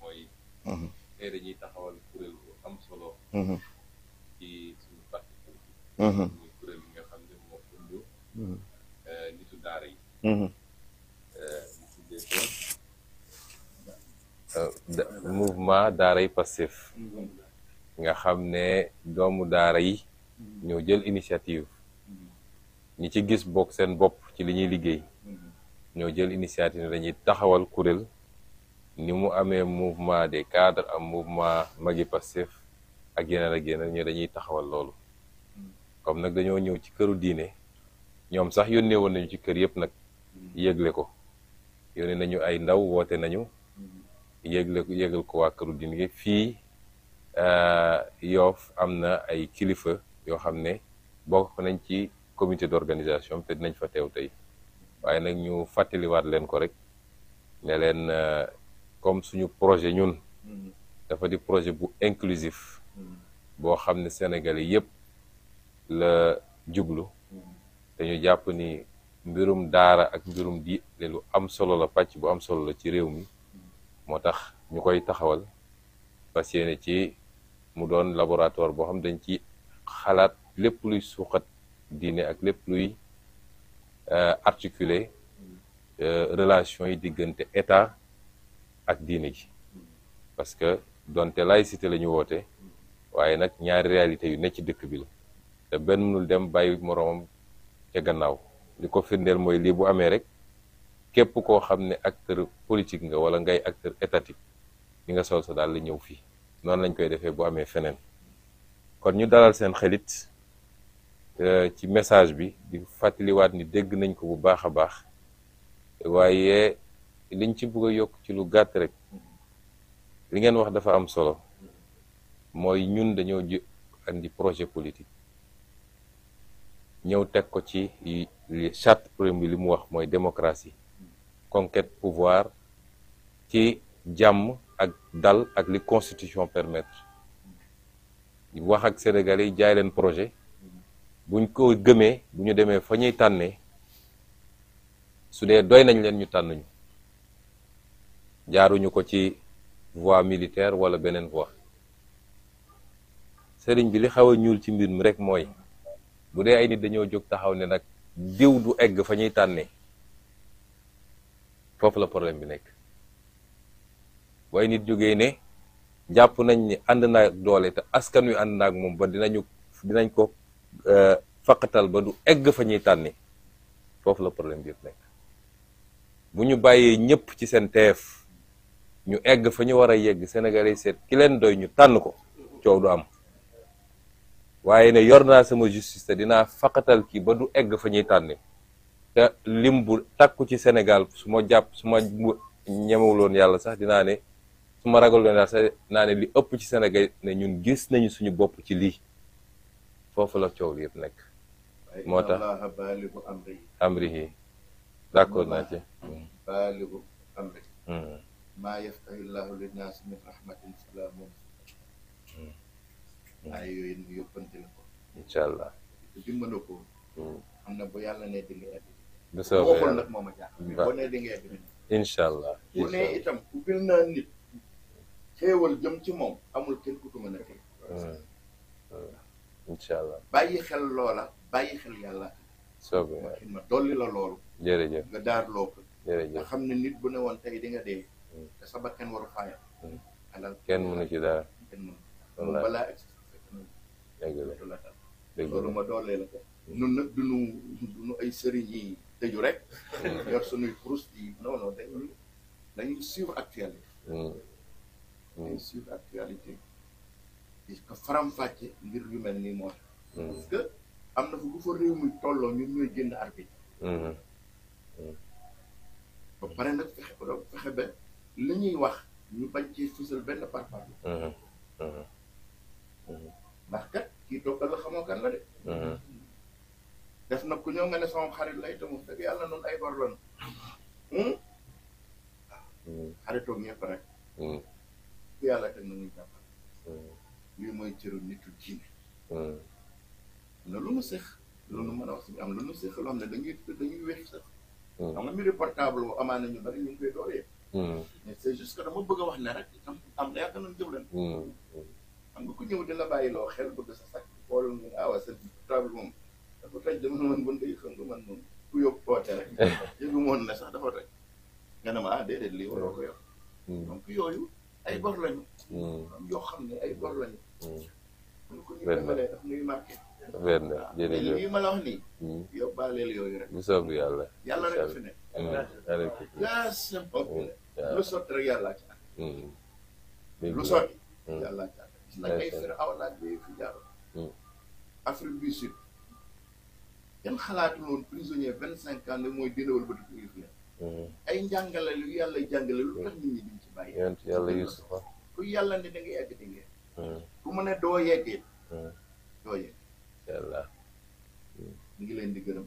mooy mhm. tey dañuy taxawal solo mhm. ci suñu parti politique mhm. muy eh, yi ñu eh, euh, mouvement daara yi passif nga xam ne doomu daara yi ñoo jël initiative ñi ci gis bokk seen bopp ci li ñuy liggéey ñoo jël initiative ne dañuy taxawal kuréel ni mu amee mouvement des cadres am mouvement magi Pastef ak yeneen ak yeneen ñoo dañuy taxawal loolu comme nag dañoo ñëw ci këru diine ñoom sax yónnee woon nañu ci kër yëpp nag yëgle ko yónnee nañu ay ndaw woote nañu yëgle yégal ko waa këru diine fii euh, yoof am na ay kilifa yoo xam ne bokk nañ ci comité d'organisation te dinañ fa teew tey waaye nag ñu fàttaliwaat leen ko rek ne leen euh, comme suñu projet ñun dafa di projet bu inclusif boo xam ne Sénégalais yépp la jublu dañu jàpp ni mbirum daara ak mbirum di lu am solo la pàcc bu am solo la ci réew mi moo tax ñu koy taxawal fas yéene ci mu doon laboratoire boo xam dañ ci xalaat lépp luy suuxat diine ak lépp luy Euh, articuler euh, relation yi diggante état ak diine ji parce que donte laïcité la ñu woote waaye nag ñaari réalité yu ne ci dëkk bi la te benn mënul dem bàyyi moroomam ca gannaaw li ko firndeel mooy lii bu amee rek képp koo xam ne acteur politique nga wala ngay acteur étatique li nga sol sa daal la ñëw fii noonu lañ koy defee bu amee feneen kon ñu dalal seen xelit Euh, ci message bi di fàttaliwaat ni dégg nañ ko bu baax a baax waaye liñ ci bëgg a yokk ci lu gàtt rek li ngeen wax dafa am solo mooy ñun dañoo ji projet politique ñëw teg ko ci chat premier li mu wax mooy démocratie conquête pouvoir ci jàmm ak dal ak li constitution permettre wax ak sénégalais yi jaay leen projet buñ ko gëmee bu ñu demee fa ñuy tànnee su dee doy nañ leen ñu tànn ñu jaaruñu ko ci voie militaire wala beneen voie sëriñ bi li xaw a ñuul ci mbir mi rek mooy bu dee ay nit dañoo jóg taxaw ne nag diw du egg fa ñuy tànnee foofu la problème bi nekk waaye nit jógee ne jàpp nañ ni ànd naa doole te askan wi ànd naag moom ba dinañu dinañ ko Euh, faqatal ba du egg fa ñuy tànni foofu la problème bi nekk bu ñu bàyyee ñëpp ci seen teef ñu egg fa ñu war a yegg Sénégalais seet ki leen doy ñu tànn ko coow du am waaye ne yor naa sama justice te dinaa faqatal kii ba du egg fa ñuy tànni te lim bu takku ci Sénégal su ma jàpp su ma ñemewuloon yàlla sax dinaa ne su ma ragaloon yàlla sax dinaa ne li ëpp ci Sénégal ne ñun gis nañu suñu bopp ci lii foofu la coow li yëpp nekk moo tax amrihi d'accord naa ci baaligu amri hmm. maa yaftahi llahu min rahmatin falaa hmm. hmm. ay yooyu ñu yóbbante la ko incha allah bu yàlla ne di nga eddi bu soobee yàlla nag moom a jaaxal boo nee di nga ci moom amul kenn ku ko mën a tey incha allah bàyyi xel loola bàyyi xel yàlla. soobee ma xin ma dolli la loolu. jërëjëf nga daar loo ko. jërëjëf nga xam ne nit bu ne woon tey di nga dee. Hmm. te sa bakkan waru faaya. Hmm. ci dara. loolu ma doolee la ko. Hmm. ñun nag du ñu ay sëriñ yi tëju rek. yor sunuy kurus yi non non dañuy dañuy suivre actualité. di ko faram-fàcce ngir yu mel nii moo mm. parce que am na fa bu fa réew mi tolloo ñun ñooy génn arbitre mm-hmm. mm. ba pare nag fexe ba li ñuy wax ñu bañ ci fësal benn parpar mm-hmm. Mm-hmm. ndax kat kii toogal la xamoo kan la de def nag ku ñëw nga sama xarit lay tamu fekk yàlla noonu ay bor loon mm. xaritoog ñëpp rek ku yàlla teg na muy jàppal lii mooy cëru nitu diine. Hmm. lu nu seex loolu mën a wax si am loolu nu seex loo xam ne dañuy dañuy weex sax. xam hmm. nga mbiru portable boobu amaana ñu bari ñu ngi koy dooree. Hmm. mais c'est juste bëgg wax ne rek am am na yaakaar naa jëwlan. xam ku ñëw di bàyyi loo xel bëgg sa sax xoolal nga ah waaw sa moom dafa toj dama ne man bon day xam nga man moom ku yóbbu oote rek. yëgu moon ne sax dafa toj. nga ne ma ah déedéet lii waroo ko yor. yooyu. ay gor lañu. Hmm. yoo xam ne ay gor lañu. lu hmm. ko yëngalee daf ñuy marqué. weer na jërëjëf lii ma la hmm. yooyu rek. bu soob yàlla. yàlla rek fi nekk. Ah, la simple. lu sotti rek yàlla ci ànd. lu sotti. yàlla ci ànd gis nañ ay fir aw laaj bi fi jaar. Afrique du Sud. yan xalaatu loon prisonnier vingt cinq ans ne mooy dina wëlbati ay njàngale lu yàlla jàngale lu tax nit ñi duñ ci bàyyi. yonent yàlla Yuusufa ku yàlla ne da nga yegg hmm. di ku mu ne doo yeggee hmm. doo yegg yàlla ñu ngi leen di gërëm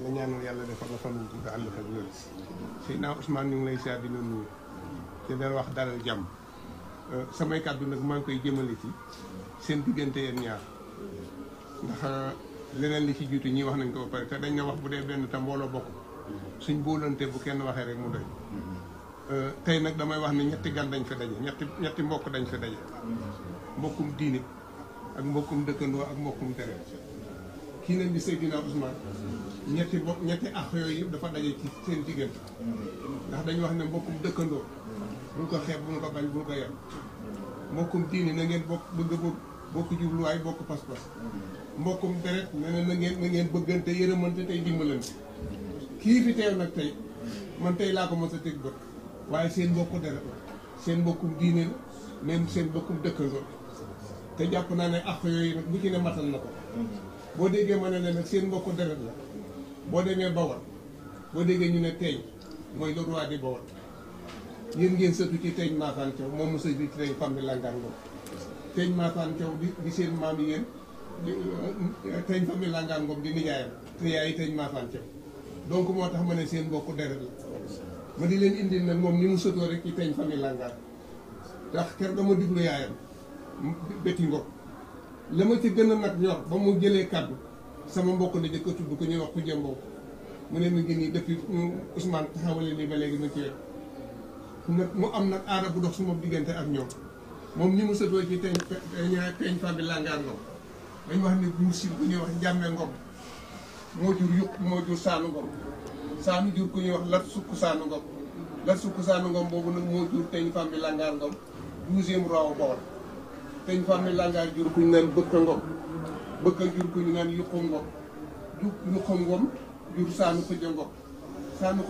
nga ñaanal yàlla defal la fan bu àll fa bu wér Seydina Ousmane ñu ngi lay siyaar di la nuyu te dal wax dalal jàmm euh, samay kàddu nag maa ngi koy jëmale ci seen diggante yeen ñaar ndax euh, leneen li ci jiitu ñii wax nañ ko ba pare te dañ na wax bu dee benn tam mbooloo bokk suñ boolante bu kenn waxee rek mu doy euh, tey nag damay wax ne ñetti gan dañ fa daje ñetti ñetti mbokk dañ fa daje mbokkum diine ak mbokkum dëkkandoo ak mbokkum tere kii nañ di Seydina Ousmane ñetti bopp ñetti ax yooyu yi dafa daje ci seen diggante ndax dañu wax ne mbokkum dëkkandoo bul ko xeeb bul ko bañ bul ko yem mbokkum diini na ngeen bokk bëgg bokk bokk jubluwaay bokk pas-pas mbokkum deret nee na na ngeen na ngeen bëggante yërëmante tey dimbalante kii fi teew nag tey man tey laa ko mos a teg bët waaye seen mbokku deret la seen mbokkum diini la seen mbokkum dëkkandoo te jàpp naa ne ax yooyu nag bu ci ne matal na ko boo déggee mën a ne nag seen mbokku deret la boo demee Bawol boo déggee ñu ne teeñ mooy le roi di Bawol ngeen ngeen sëtu ci teeñ Maafaan Thiaw moom mu sëtu ci teeñ bi langaan ngom teeñ Maafaan Thiaw di euh, bi langaan ngom di nijaayam te yaay teeñ Maafaan Thiaw donc moo tax ma ne seen mbokku deret la ma di leen indil nag moom ni mu sëtoo rek ci teeñ fam bi langaan ndax kër dama diglu yaayam béti ngom li ma ci gën a nag ñor ba mu jëlee kàddu sama mbokk la jëkk a tudd ko ñuy wax ku jëmboo mu ne mu ngi nii depuis Ousmane taxawale nii ba léegi mu ci wet mu am nag aada bu dox su suma diggante ak ñoom moom ñi mu sëtoo ci teñ teñ fa bi langaar dañ wax ne mursid ku ñuy wax njàmme ngom moo jur yuq moo jur saanu ngom saanu jur ku ñuy wax lat sukk saanu ngom lat sukk saanu ngom boobu nag moo jur teñ fa bi langaar ngom douzième sëñ Fàllu Langaar jur ku ñu naan bëkka ngom bëkka jur ku ñu naan yuqa ngom ju yuqa ngom jur saanu xëja ngom saanu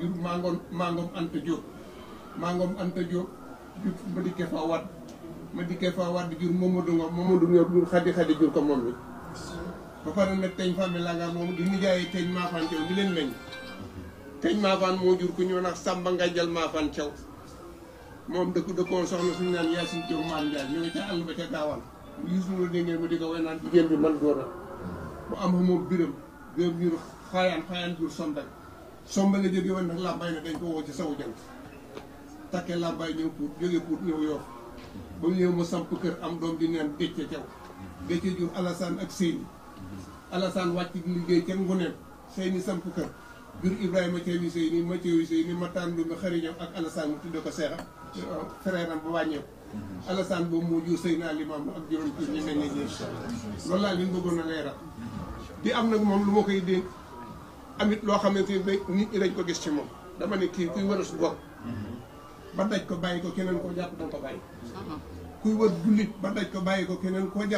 jur maangoom maangoom anta jóob maangoom anta jóob jur ma dikkee fa wadd ma dikkee fa wadd jur Mamadou ngom Mamadou ngom jur xadi xadi jur ko moom mi ba pare nag teñ Fàllu Langaar moom di nijaayee teñ maafaan cew ni leen meñ teñ maafaan moo jur ku ñu naan Sàmba Ngajal maafaan cew moom dëkk dëkkoon soxna suñu naan Yacine Diop Mar Ndiaye ñu ngi ca àll ba ca gaawal Youssou Ndour dégg ngeen di ko way naan jigéen bi man góor am moom biram biram jur xayaan xayaan jur sombal sombal la jóge woon làmbaay na dañ ko woo ci sawu jant takke làmbaay ñëw puut jóge puut ñëw yoof ba mu ñëw mu samp kër am doom di neen décce caw décce jur Alassane ak Seyni Alassane wàcc di liggéey ca nguneen Seyni samp kër jur Ibrahima Ceewi nii ma Ceewi Seyni ma tàndu xariñam ak Alassane mu tudde ko seexam frère am ba wàññeeku. Alassane boobu moo jur Seydina Limamou ak juróom ci ñu mel ni ñoom. loolu laa leen bëggoon a leeral. di am nag moom lu ma koy dénk amit loo xamante ni nit ñi dañ ko gis ci moom dama ne kii kuy wër su bopp. ba daj ko bàyyi ko keneen koo jàpp danga ko bàyyi. Uh-huh. kuy wër jullit ba daj ko bàyyi ko keneen koo jàpp.